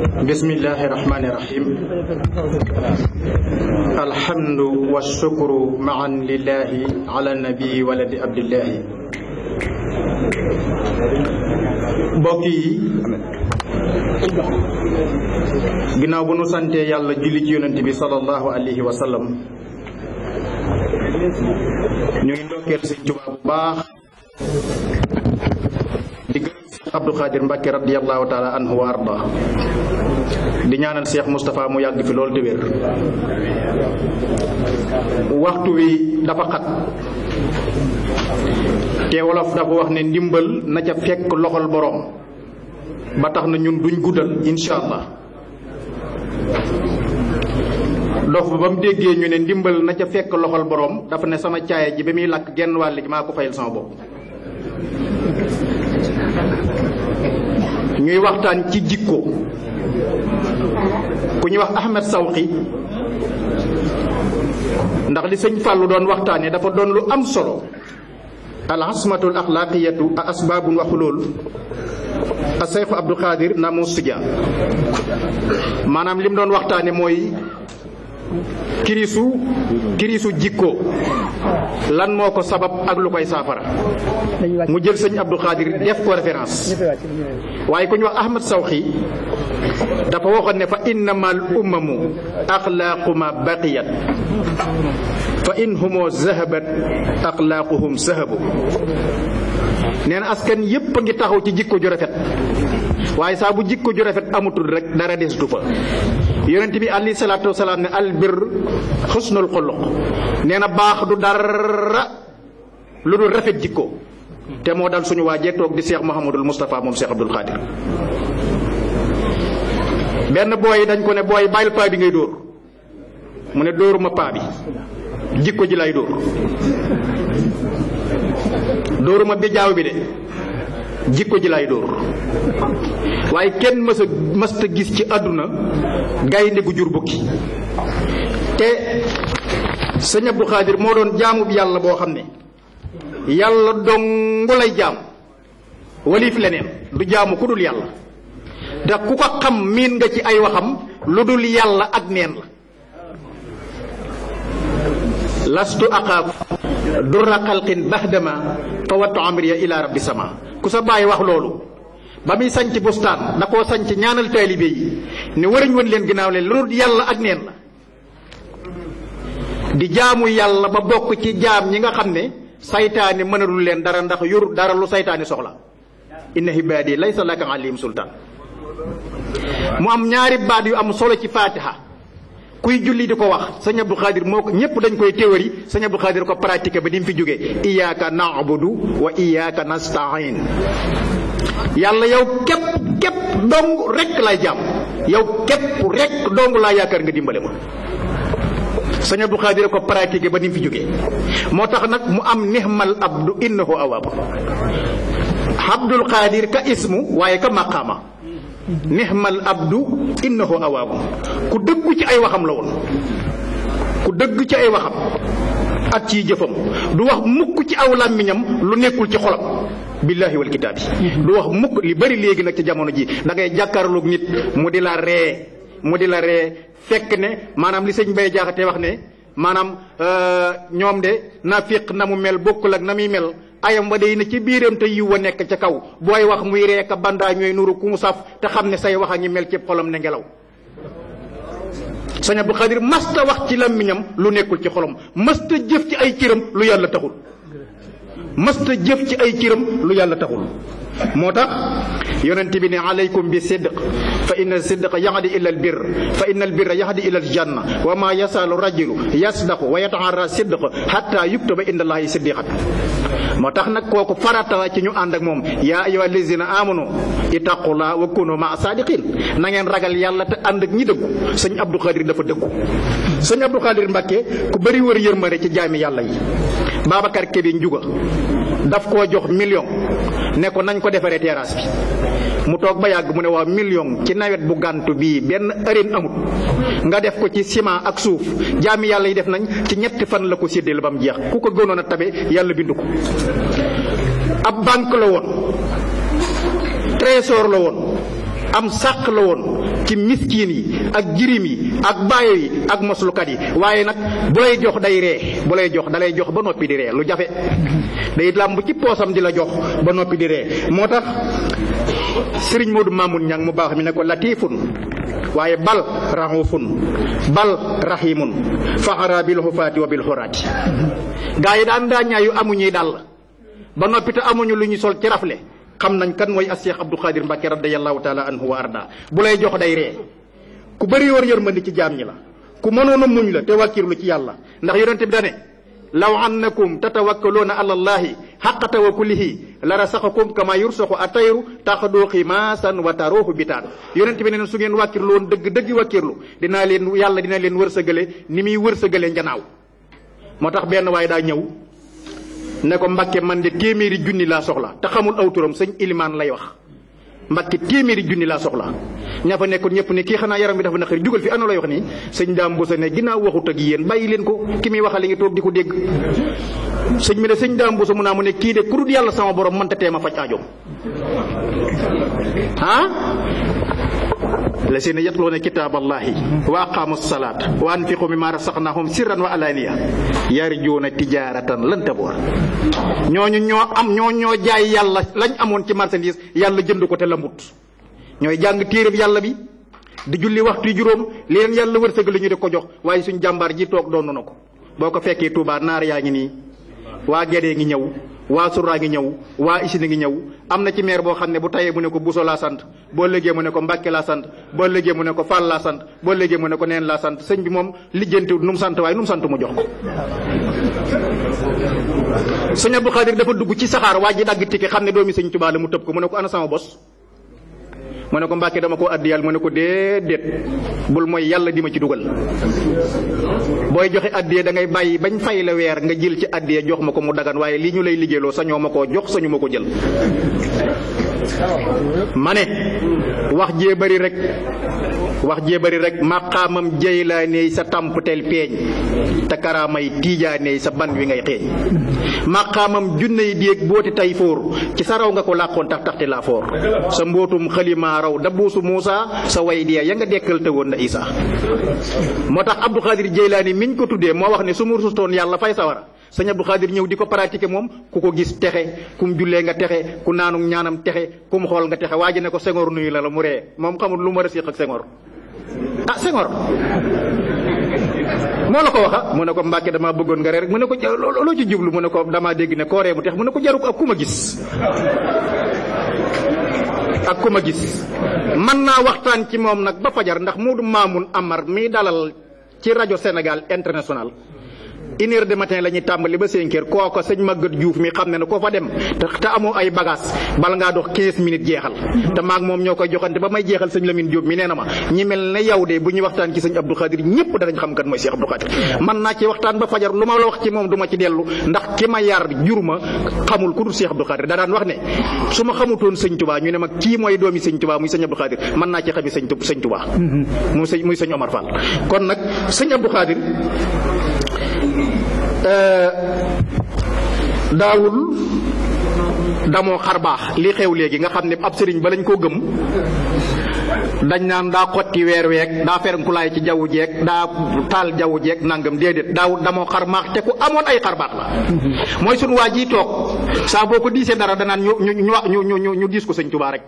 bismillahi rahmani rahim alhamdu walshukru maan lillahi ala nabii waladi abdillahi mbokk yi ginnaaw bu nu sante yàlla julli ci yonent bi sallallahu alayhi wa sallam ñu ngi ndokkeel baax Abdou Khadir Mbacke radiyallahu taala anhu wa di ñaanal Cheikh mustafaa mu yàgg fi loolu te waxtu wi dafa xat te wolof dafa wax ne ndimbal na ca fekk loxol boroom ba tax na ñun duñ guddal insha allah ba mu déggee ñu ne ndimbal na ca fekk loxol boroom dafa ne sama caaya ji ba muy lakk genn wàll gi maa ko fayal sama bopp ñuy waxtaan ci jikko ku ñuy wax Ahmed Sawqi ndax li sëñ Fàllu doon waxtaanee dafa doon lu am solo al asmatul axlaaqiyatu a waxu loolu a Seyfu Abdou Khadir namu maanaam lim doon waxtaane mooy kirisu kirisu jikko lan moo ko sabab ak lu koy saafara mu jël sëñ Abdou Khadir def ko référence waaye ku ñu wax Ahmad Sawxi dafa waxoon ne fa innamal umamu axlaaquma baqiyat fa in humo zahabat axlaaquhum sahabu nee na askan yépp a ngi taxaw ci jikko ju rafet waaye saa bu jikko ju rafet amatul rek dara desatu fa yonent bi alayhi salaatu wasalaam ne albir xusnul xuluq nee na baax du dara lu dul rafet jikko te moo dal suñu waajee toog di seex Muhammadul Moustapha moom seex Abdul Xaadir benn booy dañ ko ne booy bàyyil paa bi ngay dóor mu ne dóoruma paa jikko ji lay dóor dóoruma bi jaaw bi de jikko ji lay dóor waaye kenn mës a gis ci àdduna gaynde gu jur bukki te sëñ Abdou Khadir moo doon jaamub yàlla boo xam ne yàlla dong lay jaamu waliif leneen du jaamu ku dul yàlla ndax ku ko xam miin nga ci ay waxam lu dul yàlla ak neen la lastu aqaaf durra xalqin bahdama fawattu amriya ila rabbi sama ku sa bàyyi wax loolu ba muy sanc bustaan da koo sanc ñaanal taalibe yi ne warañ woon leen ginnaaw leen lu dul yàlla ak neen la di jaamu yàlla ba bokk ci jaam ñi nga xam ne saytaane mënalul leen dara ndax yor dara lu saytaane soxla inna ibaadi sa laka alim sultaan mu am ñaari baat yu am solo ci faatiha kuy julli di ko wax sëñ Abdou Khadir moo ko ñëpp dañ koy théorie sëñ Abdou Khadir ko pratiquer ba di mu fi jóge iyyaka na'budu wa iyyaka nasta'in yàlla yow képp képp dong rek lay jàmm yow képp rek dong laa yaakaar nga dimbale ma sëñ Abdou Khadir ko pratiquer ba ni mu fi jógee moo tax nag mu am nihmal abdu innahu awab abdul Khadir ka ismu waaye ka maqaama neex nihmal abdu innahu awaabu ku dëggu ci ay waxam la woon ku dëgg ci ay waxam ak ci jëfam du wax mukk ci aw làmmiñam lu nekkul ci xolam billaahi wal kitaabi du wax mukk li bari léegi nag ci jamono ji da ngay jàkkaarloog nit mu di la ree mu di la ree fekk ne maanaam li sëñ Mbay Jaxate wax ne maanaam euh, ñoom de nafiq na mu mel bokkul ak na muy mel ayam wa day na ci biiram te yiw wa nekk ca kaw booy wax muy a bandaa ñooy nuru ku mu saf te xam ne say wax a ngi mel ci xolom ne ngelaw sëñ Abdou Xadir masta wax ci làmmiñam lu nekkul ci xolom masta jëf ci ay cëram lu yàlla taxul masta jëf ci ay cëram lu yàlla taxul moo tax yonent bi ne alaykum bi sidq fa inna sidqa yahdi ila al birr fa inna al birra yahdi ila al janna wa ma yasalu rajulu yasdaqu wa yataharra sidq hatta yuktaba inda allahi siddiqan moo tax nag kooku farata ci ñu ànd ak moom yaa ayyuha lazina amanu ittaqullah wa kunu ma sadiqin nangeen ragal yàlla te ànd ñi dëggu sëñ Abdou Khadir dafa dëggu sëñ Abdou Khadir Mbàkke ku bari wër yërmande ci jaami yàlla yi Babacar Kébé Njuga daf ko jox million ne ko nañ ko defaree terrasse bi mu toog ba yàgg mu ne waa million ci nawet bu gàntu bii benn ërin amut nga def ko ci ciment ak suuf jaami yàlla yi def nañ ci ñett fan la ko séddale ba mu jeex ku ko gënoon a tabe yàlla bindu ko ab banque la woon trésor la woon am sàq la woon ci miskiin yi ak jirim yi ak baayo ak moslukat yi waaye nag bu jox day ree bu lay jox dalay jox ba noppi di ree lu jafe day làmb ci poosam di la jox ba noppi di ree moo tax sëriñ Modou Mamoun Niang mu baax mi ne ko latifun waaye bal raxufun bal raximun faxara bi xufaati wa bil xuraati gaa yi daan daa ñaayu amuñuy dàll ba noppi te amuñu lu ñu sol ci rafle xam nañ kan mooy as Cheikh Abdou Khadir Mbacke radiyallahu taala anhu wa arda bu lay jox day ree ku bëri yor yërmandi ci jaam ñi la ku mënoon a muñ la te wàkkirlu ci yàlla ndax yonente bi dane law na a annakum tatawakkaluuna ala allahi xaqa tawakkulihi la rasaxakum kama yursaxu atayru taxadoo ximaasan wa taruuhu bitaan yonente bi ne su ngeen wàkkirlu woon dëgg dëgg wàkkirlu dinaa leen yàlla dina leen wërsëgale ni muy wër wërsëgale njanaaw moo tax benn waaye daa ñëw ne ko Mbacke man de téeméeri junni laa soxla te xamul aw turam sëñ Ilimaan lay wax Mbacke téeméeri junni laa soxla ñaa fa nekkoon ñëpp ne kii xanaa yaram bi dafa naqari jugal fi ano lay wax nii sëñ daam bosa ne ginnaaw waxut ak yéen bàyyi leen ko ki muy waxale ngi toog di ko dégg sëñ mi ne sëñ daam bosa mu naa mu ne kii de ku yàlla sama borom mënta teema faj aajoom ah lazina yatluuna kitaaballahi wa aqaamu salaat ma wa anfiqu mimma rasaqnahum sirran wa alaaniya yarjuuna tijaaratan lan taboor ñooñu ñoo am ñoo ñoo jaay yàlla lañ amoon ci marchandise yàlla jënd ko te lambut ñooy jàng téereb yàlla bi di julli waxtu juróom li leen yàlla wërsëg la ñu di ko jox waaye suñu jàmbaar ji toog doonu na ko boo ko fekkee Tuubaa naar yaa ngi nii waa gedee ngi ñëw waa surraa ngi ñëw waa isini ngi ñëw am na ci maire boo xam ne bu tayee mu ne ko Bousso laa sant boo légee mu ne ko Mbàkke laa sant boo légee mu ne ko Fall laa sant boo légee mu ne ko neen laa sant sëñ bi moom lijjantiwut nu sant waaye nu mu sant mu jox ko sëñ Abdou Khadir dafa dugg ci saxaar waa ji dagg tike xam ne doomi sëñ Tuubaa mu tëb ko mu ne ko ana sama bos mu ne ko mbàkke dama ko addiyal mu ne ko déedéet bul mooy yàlla di ma ci dugal booy joxe addiye da ngay bàyyi bañ fay la weer nga jël ci addiye jox ma ko mu dagan waaye lii ñu lay liggéeyloo sañoo ma koo jox sañu ma ko jël ma ne wax jee bari rek wax jee bari rek maqaamam jaylaane sa tàmputeel peeñ te karaamay tiijaane sa ban wi ngay xeeñ maqaamam junne yi déeg booti tay foor ci sa raw nga ko làqoon tax taxti laa foor sa mbootum xalimaa raw da buusu Muusa sa way dee ya nga dekkal te woon na Isa moo tax Abdou Khadir Jaylaani miñ ko tuddee moo wax ne su mursutoon yàlla fay sawara sëñ Abdou Khadir ñëw di ko pratiquer moom ku ko gis texe kum jullee nga texe ku naanu ñaanam texe kum xool nga texe waa ji ne ko Senghor nuyu la la mu ree moom xamul lu ma rësiq ak Senghor ah Senghor moo la ko waxa mu ne ko damaa bëggoon nga ree rek mu ne ko loo ci jublu mu ne ko damaa ne koo ree mu tex mu ko jaru ko ak ku ma gis ak ku ma gis mën naa waxtaan ci moom nag ba fajar ndax Moodu Maamun Amar mii dalal ci rajo Sénégal international une heure de matin la ñuy tàmbali ba cinq heures sëñ Maguette Diouf mi xam ne ne ko fa dem te amoo ay bagage bala ngaa dox quinze minutes jeexal te maag moom ñoo koy joxante ba may jeexal sëñ Lamine Diop mi nee ma ñi mel ne yow de bu ñuy waxtaan ci sëñ Abdou Khadir ñëpp danañ xam kat mooy ku dul Cheikh Abdou Khadir da daan wax ne su ma xamutoon sëñ Touba ñu ne ma kii mooy doomi sëñ Touba muy sëñ Abdou Khadir man naa ci xami sëñ Touba muy sëñ Omar Fall kon nag sëñ Abdou Khadir Euh, daawul damoo xar baax li xew léegi nga xam ne ab sëriñ ba lañ koo gëm dañ naan daa xotti weer week daa ferenkulaay ci jaww jeeg daa taal jaww jeek nangam déedéet daawul damoo xar baax te ku amoon ay xar la mooy sunu waa ji toog saa boo ko diisee dara danaan ñu ñu ñu ñu diis ko sëñ Tuubaa rek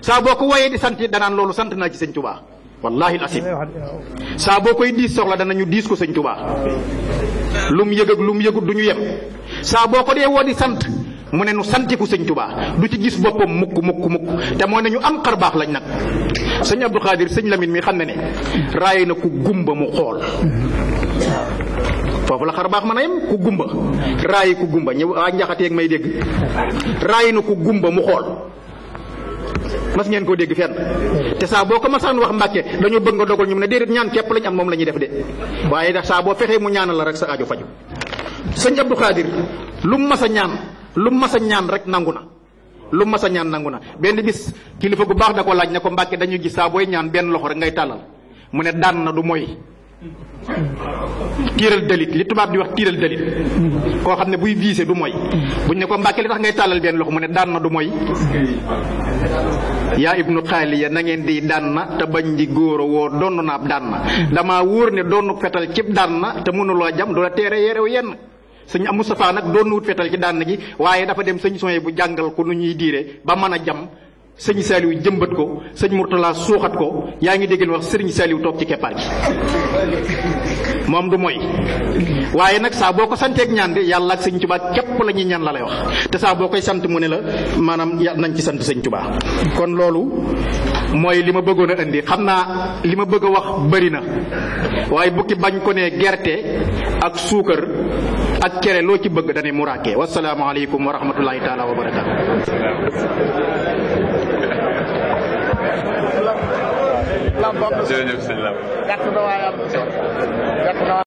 saa boo ko wayee di sant danaan loolu sant naa ci sëñ Tuubaa wallahi asim saa boo koy diis soxla danañu diis ko sëñ Tuubaa lu yëg ak lu mu yëgut du ñu yem saa boo ko dee woo di sant mu ne nu santiku sëñ Tuubaa du ci gis boppam mukk mukk mukk te mooy nañu am xar baax lañ nag sëñ Abdou Khadir sëñ Lamine mi xam ne ne raay na ku gumba mu xool foofu la xar baax mën a yem ku gumba raayi ku gumba ñëw waa ah, njaxateeg may dégg raayi na ku gumba mu xool mas ngeen koo dégg fenn te saa boo ko masaan wax mbàkke dañoo bëgg nga dogal ñu mu ne déedéet ñaan képp lañ am moom la ñuy def de waaye ndax saa boo fexee mu ñaanal la rek sa aajo faju sëñ Abdou Khadir lu mu mas a ñaan lu mu mas a ñaan rek nangu na lu mu a ñaan nangu na benn bis kilifa gu baax da ko laaj ne ko mbàkke dañuy gis saa ñaan benn loxo rek ngay tàllal mu ne daan na du mooy tiiral dalit li tubaab di wax tiiral dalit koo xam ne buy viser du mooy buñ ne ko mbàkke li tax ngay tàllal benn loxo mu ne daan na du mooy yaa ibnu xaaliya na ngeen di daan na te bañ di góor a woo donn naab daan na damaa wóor ne donnu fetal cib daan na te mënuloo jam du la teere yerew yenn sëñ am Moustapha nag doon wut fetal ci daan gi waaye dafa dem sëñ sooy bu jàngal ko nu ñuy diire ba mën a jam sëñ Saliou jëmbat ko sëñ Mourtala suuxat ko yaa ngi dégg wax sëriñ Saliou toog ci keppaar gi moom du mooy waaye nag saa boo ko santeek ñaan yàlla ak sëñ Tuubaa képp la ñuy ñaan la lay wax te saa boo koy sant mu ne la maanaam yàlla nañ ci sant sëñ Tuubaa kon loolu mooy li ma bëggoon a indi xam naa li ma bëgg a wax bari na waaye bukki bañ ko ne gerte ak suukar ak cere loo ci bëgg dane muraake wassalaamu aleykum wa rahmatullahi taala wa barakaatu jërëjëf sëñ Lam. gàtt na waay am na solo gàtt na waay